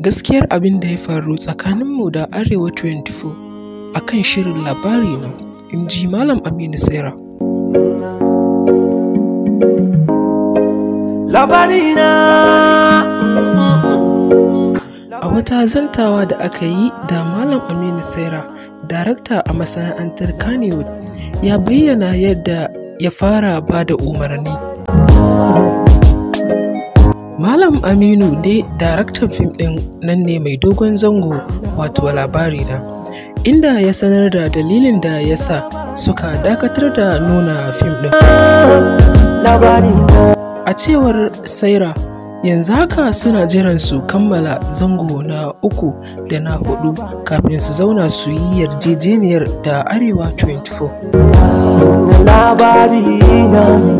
gaskiyar abin da ya faru tsakaninmu da Arewa 24 a kan shirin labari na, in ji Malam Aminu Sera. A wata zantawa da aka yi da Malam Aminu Sera, darakta a masana'antar Kannywood, ya bayyana yadda ya fara ba da umarni. Malam Aminu dai daraktan fim ɗin nan ne mai dogon zango wato labari na, inda ya sanar da dalilin da ya sa suka dakatar da nuna fim ɗin. A cewar Saira, yanzu haka suna jiran su kammala zango na uku da na hudu kafin su zauna su yi yarjejeniyar da Arewa 24.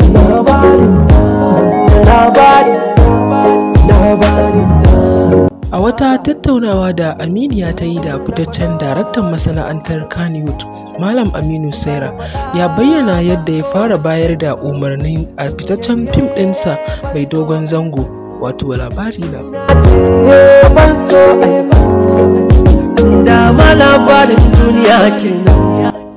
ta tattaunawa da aminiya ta yi da fitaccen daraktan masana'antar kanewood malam aminu saira ya bayyana yadda ya fara bayar da umarni a fitaccen fim ɗinsa mai dogon zango wato labari na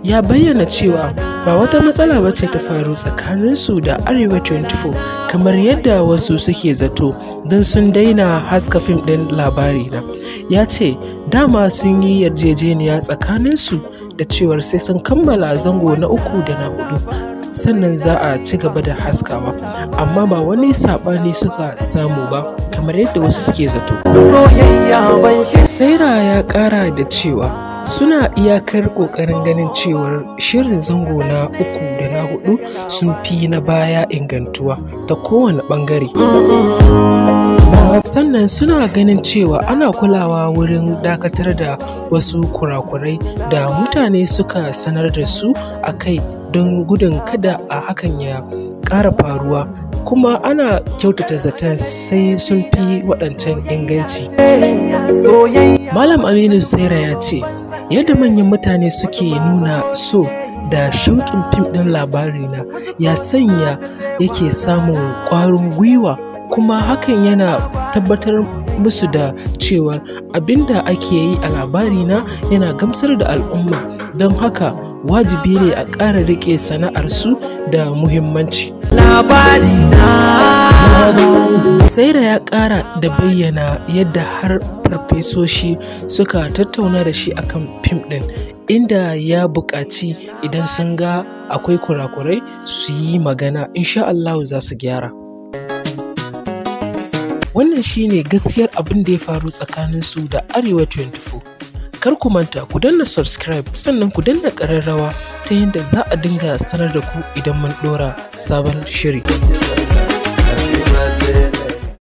ya bayyana cewa ba wata matsala ba ce ta faru tsakaninsu da arewa 24 kamar yadda wasu suke zato don sun daina haska fim ɗin labari na ya ce dama sun yi yarjejeniya tsakaninsu da cewar sai sun kammala zango na uku da na hudu sannan za a ci gaba da haskawa amma ba wani saɓani suka samu ba kamar yadda wasu suke zato saira ya ƙara da cewa suna iyakar ƙoƙarin ganin cewar shirin zango na uku da na hudu sun fi na baya ingantuwa ta kowane ɓangare sannan suna ganin cewa ana kulawa wurin dakatar da wasu kurakurai da mutane suka sanar da su a kai don gudun kada a hakan ya ƙara faruwa kuma ana kyautata zaton sai sun fi waɗancan inganci malam aminu saira ya ce yadda manyan mutane suke nuna so da shauƙin fim ɗin labarina ya sanya yake samun ƙwarin gwiwa kuma hakan yana tabbatar musu da cewa abinda ake yi a labarina yana gamsar da al'umma don haka wajibi ne a ƙara riƙe su da muhimmanci labarina Saira ya kara da bayyana yadda har farfesoshi suka tattauna da shi akan fim din inda ya bukaci idan sun ga akwai kurakurai su yi magana insha Allah za su gyara. Wannan shi ne gaskiyar abin da ya faru tsakanin su da Arewa 24. Kar ku manta ku danna subscribe sannan ku danna ƙararrawa ta yadda za a dinga sanar da ku idan mun ɗora sabon shiri.